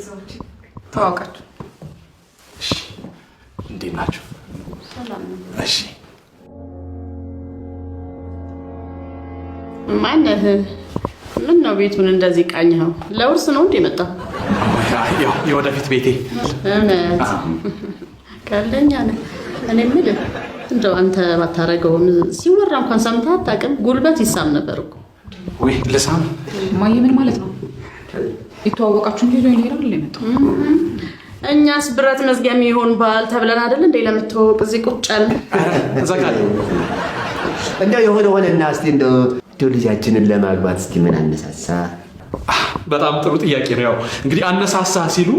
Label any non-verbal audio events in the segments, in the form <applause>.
ቤተሰቦች ተዋወቃችሁ? እንዴት ናቸው? እሺ ማነህ? ምን ነው ቤቱን እንደዚህ ቃኝኸው? ለውርስ ነው እንዴ መጣው? የወደፊት ቤቴ እውነት ቀልደኛ ነህ። እኔ የምልህ እንደው አንተ ባታረገውም ሲወራ እንኳን ሰምተህ አታውቅም? ጉልበት ይሳም ነበር እኮ። ወይ ልሳም ማየ ምን ማለት ነው? የተዋወቃችሁ እንጂ ዞን ሄራ ለመጣ እኛስ ብረት መዝጊያ የሚሆን ባል ተብለን አይደል እንዴ ለምትዋወቅ እዚህ ቁጭ አለ። እንደው የሆነ ሆነና እስቲ እንደው ልጃችንን ለማግባት እስኪ ምን አነሳሳ? በጣም ጥሩ ጥያቄ ነው። ያው እንግዲህ አነሳሳ ሲሉ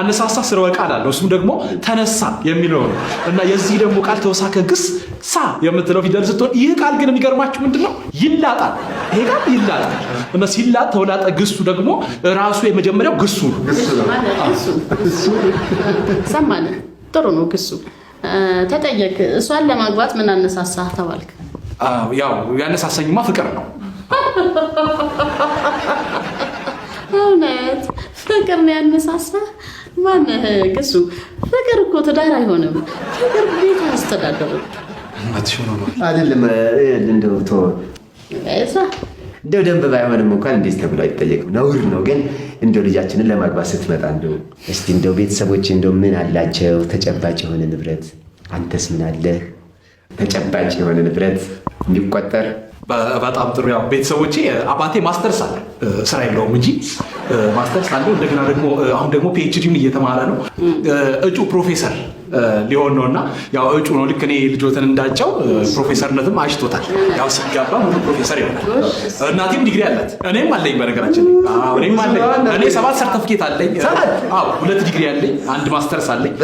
አነሳሳ ስርወ ቃል አለው። እሱም ደግሞ ተነሳ የሚለው ነው እና የዚህ ደግሞ ቃል ተወሳከ ግስ ሳ የምትለው ፊደል ስትሆን ይህ ቃል ግን የሚገርማችሁ ምንድን ነው? ይላጣል። ይሄ ቃል ይላጣል። መሲላ ተውላጠ ግሱ ደግሞ ራሱ የመጀመሪያው ግሱ ነው። ጥሩ ነው። ግሱ ተጠየቅ። እሷን ለማግባት ምን አነሳሳ ተባልክ። ያው ያነሳሰኝማ ፍቅር ነው። እውነት ፍቅር ነው ያነሳሳ። ማነህ ግሱ? ፍቅር እኮ ትዳር አይሆንም። ፍቅር ቤት አስተዳደሩ አይደለም እንደው እንደው ደንብ ባይሆንም እንኳን እንዴት ተብሎ አይጠየቅም፣ ነውር ነው። ግን እንደው ልጃችንን ለማግባት ስትመጣ እንደው እስቲ እንደው ቤተሰቦች እንደው ምን አላቸው ተጨባጭ የሆነ ንብረት፣ አንተስ ምን አለህ ተጨባጭ የሆነ ንብረት እንዲቆጠር በጣም ጥሩ ያው ቤተሰቦቼ አባቴ ማስተርስ አለ ስራ የለውም እንጂ ማስተርስ አለ። እንደገና ደግሞ አሁን ደግሞ ፒኤችዲን እየተማረ ነው። እጩ ፕሮፌሰር ሊሆን ነው እና ያው እጩ ነው። ልክ እኔ ልጆትን እንዳጫው ፕሮፌሰርነትም አሽቶታል። ያው ሲጋባ ሙሉ ፕሮፌሰር ይሆናል። እናቴም ዲግሪ አላት፣ እኔም አለኝ። በነገራችን እኔም አለኝ። እኔ ሰባት ሰርተፍኬት አለኝ። ሁለት ዲግሪ አለኝ፣ አንድ ማስተርስ አለኝ።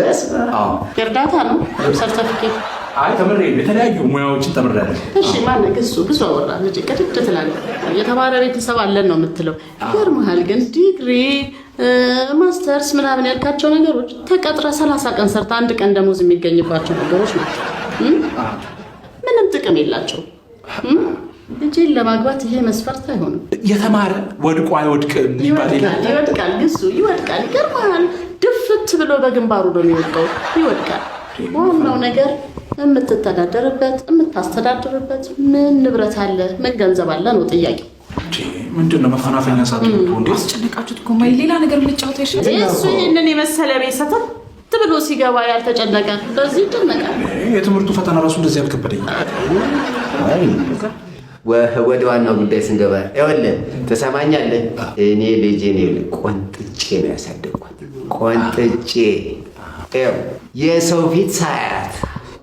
እርዳታ ነው ሰርተፍኬት አይ ተምሬ የተለያዩ ሙያዎችን ተምሬያለሁ። እሺ ማን ግሱ ብዙ አወራ ልጅ ቅድድ ትላለህ። የተማረ ቤተሰብ አለን ነው የምትለው። ይገርምሃል ግን ዲግሪ ማስተርስ ምናምን ያልካቸው ነገሮች ተቀጥረ ሰላሳ ቀን ሰርተ አንድ ቀን ደሞዝ የሚገኝባቸው ነገሮች ናቸው። ምንም ጥቅም የላቸው። ልጄን ለማግባት ይሄ መስፈርት አይሆንም። የተማረ ወድቆ አይወድቅም ይባል ይወድቃል፣ ግሱ ይወድቃል። ይገርምሃል ድፍት ብሎ በግንባሩ ነው የሚወድቀው። ይወድቃል። ዋናው ነገር የምትተዳደርበት የምታስተዳድርበት ምን ንብረት አለ? ምን ገንዘብ አለ ነው ጥያቄ። ምንድን ነው መፈናፈኛ ሳ አስጨነቃችሁት። ኮማይ ሌላ ነገር ልጫወታ ይሻል። እሱ ይህንን የመሰለ ቤተሰብ ትብሎ ሲገባ ያልተጨነቀ በዚህ ይጨነቃል። የትምህርቱ ፈተና ራሱ እንደዚህ አልከበደኝ። ወደ ዋናው ጉዳይ ስንገባ ይኸውልህ ትሰማኛለህ፣ እኔ ልጄን ይኸውልህ ቆንጥጬ ነው ያሳደግኳት። ቆንጥጬ የሰው ፊት ሳያ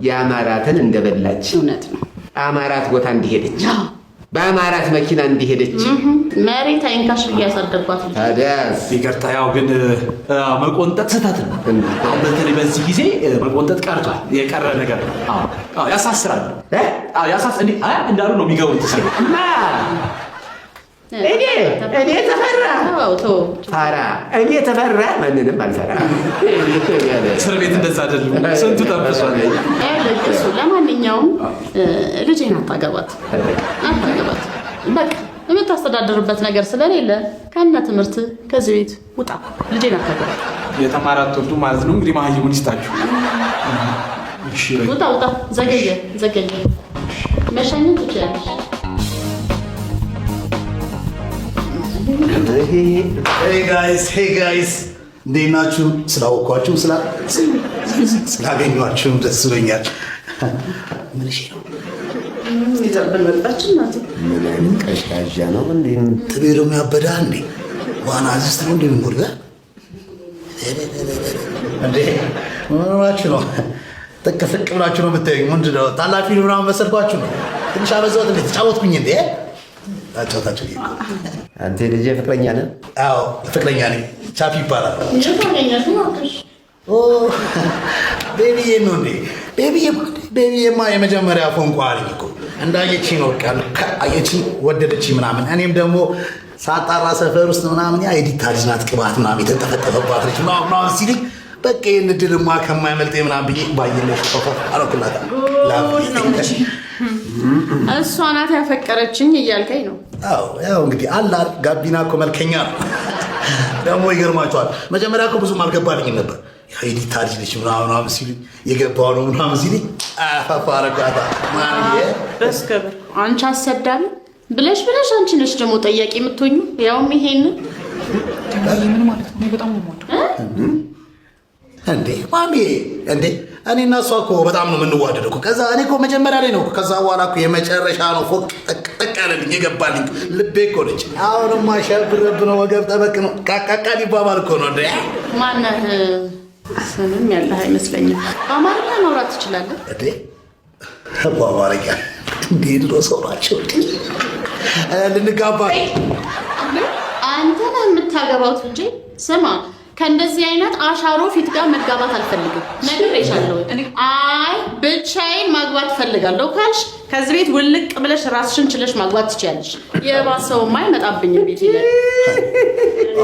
የአማራትን እንደበላች እውነት ነው። አማራት ቦታ እንዲሄደች በአማራት መኪና እንዲሄደች መሬት አይንካሽ እያሳደጓት ይቅርታ። ያው ግን መቆንጠጥ ስህተት ነው። በተለይ በዚህ ጊዜ መቆንጠጥ ቀርቷል፣ የቀረ ነገር ነው። ያሳስራል። እንዳሉ ነው የሚገቡት እና እኔ እኔ ተፈራ ፈራ እኔ ተፈራ ማንንም አልፈራ። እስር ቤት እንደዛ አይደለም፣ ስንቱ ጠብሷል። እሱ ለማንኛውም ልጅህን አታገባት አታገባት፣ በቃ የምታስተዳድርበት ነገር ስለሌለ ከእነ ትምህርት ከዚህ ቤት ውጣ። ልጅህን አታገባት። የተማራት ትወልዱ ማለት ነው እንግዲህ መሀይሙን ይስጣችሁ። ውጣ ውጣ፣ ዘገየ ዘገየ፣ መሸኘት ትችላለች ጋይስ ሄ ጋይስ እንዴት ናችሁ? ስላወኳችሁ ስላገኟችሁም ደስ ብሎኛል። ቀዣዣ ነው ትቤ ደግሞ ያበዳ እንዴ ዋና ዝስት ነው እንዴ ምጎድጋ ምናችሁ ነው ጥቅፍቅ ብላችሁ ነው የምታዩኝ? ምንድን ነው ታላፊ ምናምን መሰልኳችሁ ነው? ትንሽ አበዛሁት እንዴ ተጫወትኩኝ እንዴ አጫውታቸው። አንተ ልጅ ፍቅረኛ ነህ? አዎ ፍቅረኛ ነኝ። ቻፒ ይባላል። ቤቢዬ ነው እንዴ? ቤቢዬማ የመጀመሪያ ፎንቋ አለኝ እኮ እንዳየች ነው አየች፣ ወደደች ምናምን። እኔም ደግሞ ሳጣራ ሰፈር ውስጥ ምናምን የዲታ ልጅ ናት ቅባት ምናምን የተጠፈጠፈባት ልጅ ምናምን ሲልኝ በቃ ይህን ድልማ ከማይመልጥ ምናምን ብዬ ባየለሽ አረኩላታ። <laughs> እሷ ናት ያፈቀረችኝ እያልከኝ ነው? ያው እንግዲህ አላ ጋቢና እኮ መልከኛ ነው ደግሞ ይገርማቸዋል። መጀመሪያ እኮ ብዙም አልገባልኝም ነበር። ሀይዲ ታሪክ ልጅ ምናምን ሲሉኝ የገባው ነው ምናምን ሲሉኝ አረኳታ። በስከብር አንቺ አሰዳለ ብለሽ ብለሽ አንቺ ነሽ ደግሞ ጠያቂ የምትሆኙ ያውም ይሄንን ምን ማለት ነው? በጣም ነው እንዴ ማሚ እንዴ እኔ እና እሷ እኮ በጣም ነው የምንዋደደው እኮ። ከዛ እኔ እኮ መጀመሪያ ላይ ነው ከዛ በኋላ እኮ የመጨረሻ ነው ፎቅ ጠቅጠቅ ያለልኝ የገባልኝ ልቤ እኮ ነች። አሁንማ ሸብረብ ነው ወገብ ጠበቅ ነው ቃቃቃ ሊባባል እኮ ነው። እንደ ማናት ስምም ያለህ አይመስለኝም። በአማርኛ ማውራት ትችላለህ እንዴ? በአማርኛ እንዴ ድሮ ሰው ናቸው ልንጋባ አንተ የምታገባውት እንጂ ስማ ከእንደዚህ አይነት አሻሮ ፊት ጋር መጋባት አልፈልግም። ነገር ነግሬሻለሁ። አይ ብቻዬን ማግባት እፈልጋለሁ ካልሽ ከዚህ ቤት ውልቅ ብለሽ ራስሽን ችለሽ ማግባት ትችያለሽ። የባሰው ማይመጣብኝ ቤት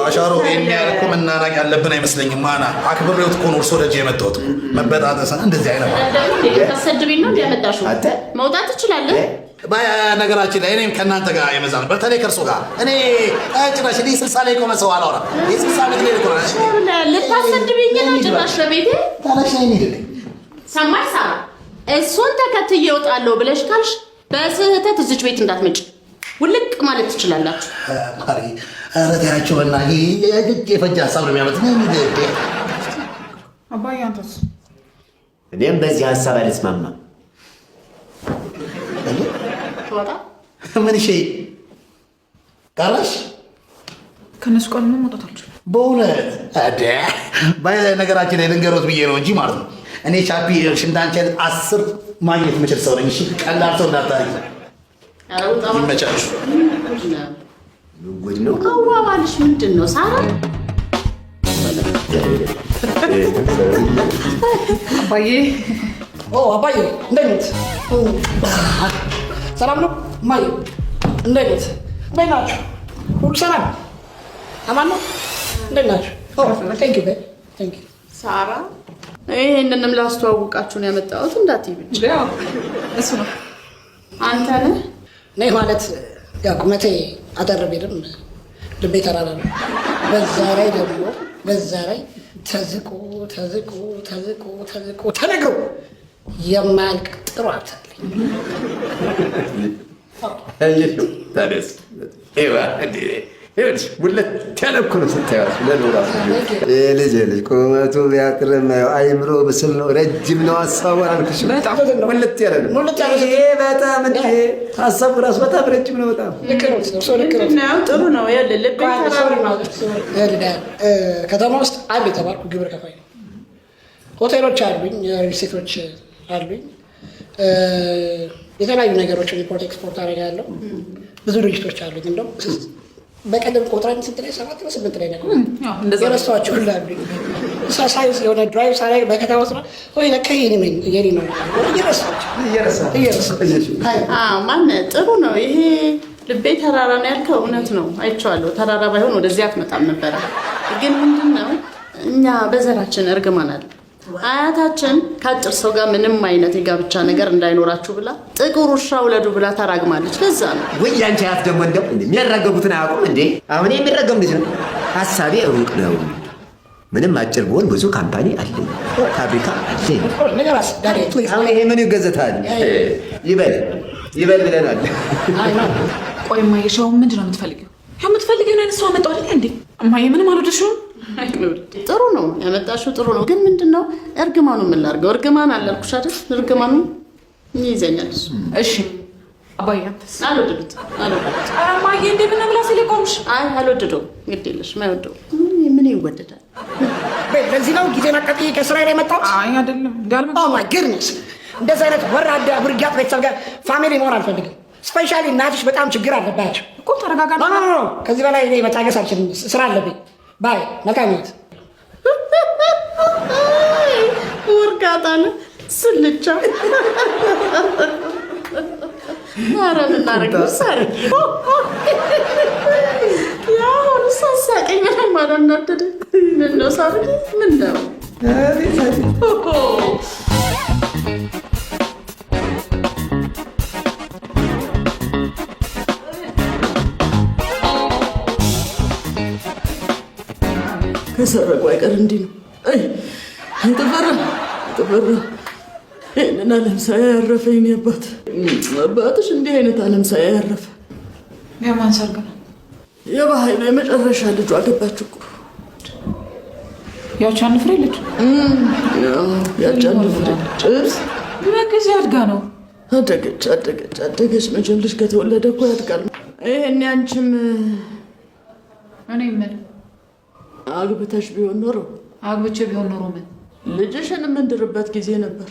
አሻሮ ይሄን ያልኩ መናናቅ ያለብን አይመስለኝም። ማና አክብሬውት እኮ ነው እርሶ ደጅ የመጣሁት መበጣጠሰን እንደዚህ አይነት ተሰድቢኝ ነው ያመጣሽው። መውጣት ትችላለህ። ነገራችን ላይ እኔም ከእናንተ ጋር የመዛን በተለይ ከእርሶ ጋር እኔ ጭራሽ እኔ ስልሳ ላይ ቆመ ሰው አላወራ ስልሳ ዓመት ላይ ልታሰድብኝ ነው ጭራሽ በቤቴ ታላሽ ሰማይ ሳራ እሱን ተከትዬ እወጣለሁ ብለሽ ካልሽ በስህተት እዚች ቤት እንዳትመጭ ውልቅ ማለት ትችላላችሁ። ረቴናቸው ና የፈጀ ሀሳብ ነው የሚያመት አባዬ፣ እኔም በዚህ ሀሳብ አልስማማም። ምን ሺ ቀረሽ? ከነሱ ቃል መውጣት አልችልም። በእውነት ነገራችን ላይ ልንገሮት ብዬ ነው እንጂ ማለት ነው እኔ ቻፒ ሽንዳንቸ አስር ማግኘት መችል ሰው ነኝ። ቀላል ሰው እንዳታሪ ይመቻችሁ። አዋዋልሽ ምንድን ነው ሳራ? አባዬ አባዬ፣ እንደት ሰላም ነው? እማዬ እንደት ቤት ናችሁ? ሁሉ ሰላም አማን ነው? እንደት ናችሁ? ሳራ ይሄንንም ላስተዋውቃችሁ ነው ያመጣሁት። እንዳትዪ ብቻ እሱ ነው። አንተ ነህ እኔ ማለት ያው ቁመቴ አጠር ቢልም ልቤ ተራራ ነው። በዛ ላይ ደግሞ በዛ ላይ ተዝቆ ተዝቆ ተዝቆ ተዝቆ ተነግሮ የማያልቅ ጥሩ ሀብት አለኝ። አይምሮ ምስል ነው። ረጅም ነው ሀሳቡ አልኩሽ። ሁለት ያለ ነው። በጣም ሀሳቡ ራሱ በጣም ረጅም ነው። በጣም ጥሩ ነው። ከተማ ውስጥ አንድ የተባልኩ ግብር ከፋይ ነው። ሆቴሎች አሉኝ፣ ሪሴቶች አሉኝ፣ የተለያዩ ነገሮች ኢምፖርት ኤክስፖርት አደርጋለሁ። ብዙ ድርጅቶች አሉኝ እንደውም በቀደም ቆጥረን ስንት ላይ ሰባት ነው ስምንት ላይ ነው የረሳኋቸው ሁላ ሳይንስ የሆነ ድራይቭ ሳላይ በከተማ ስራ ወይ ለካ ይሄ ምን የኔ ነው ማን ጥሩ ነው ይሄ ልቤ ተራራ ነው ያልከው እውነት ነው አይቼዋለሁ ተራራ ባይሆን ወደዚህ አትመጣም ነበረ ግን ምንድን ነው እኛ በዘራችን እርግማን አለ አያታችን ከአጭር ሰው ጋር ምንም አይነት የጋብቻ ነገር እንዳይኖራችሁ ብላ ጥቁር ውሻ ውለዱ ብላ ታራግማለች። ለዛ ነው ወይ ያንቺ አያት ደግሞ እንደ የሚያራገቡትን አያውቁም እንዴ? አሁን የሚረገም ልጅ ነው። ሀሳቤ እውቅ ነው። ምንም አጭር ብሆን ብዙ ካምፓኒ አለኝ፣ ፋብሪካ አለኝ። አሁን ይሄ ምን ይገዘታል? ይበል ይበል ብለናል። ቆይ እማዬ፣ ሻውን ምንድን ነው የምትፈልጊው? የምትፈልጊውን አይነት ሰው አመጣው እንዴ? እማዬ፣ ምንም አልወደድሽውም ጥሩ ነው ያመጣሽው፣ ጥሩ ነው። ግን ምንድን ነው እርግማኑ? ምን ላድርገው? እርግማን አላልኩሽ አይደል? እርግማኑ ይይዘኛል እሺ አይ ምን ይወደዳል? በዚህ ነው ከስራ ላይ አይ አይደለም ኦ ማይ ጉድነስ አይነት ወራዳ ፋሚሊ መሆን አልፈልግም። ስፔሻሊ እናትሽ በጣም ችግር አለባቸው እኮ። ተረጋጋ። ከዚህ በላይ እኔ መታገስ አልችልም። ስራ አለብኝ ባይ ነቃኝት ወርጋታ ስልቻ ኧረ ልናረግ ሳረግ ያሁኑ ሳሳቀኝ ምንም አላናደደ ምነው ሳረግ ምነው ከሰረቁ አይቀር እንዲህ ነው። ተፈራ ተፈራ፣ ይህንን አለም ሳያ ያረፈ የኔ አባት። አባትሽ እንዲህ አይነት አለም ሳያ ያረፈ። የማን ሰርግ ነው? የባህሉ የመጨረሻ ልጁ አገባች እኮ ያቺ አንድ ፍሬ ልጅ ያቺ አንድ ፍሬ ልጅ ጊዜ አድጋ ነው አደገች አደገች አደገች። መቼም ልጅ ከተወለደ እኮ ያድጋል። ይሄን ያንቺም እኔ የምልህ አግብተሽ ቢሆን ኖሮ አግብቼ ቢሆን ኖሮ ምን ልጅሽን የምንድርበት ጊዜ ነበር።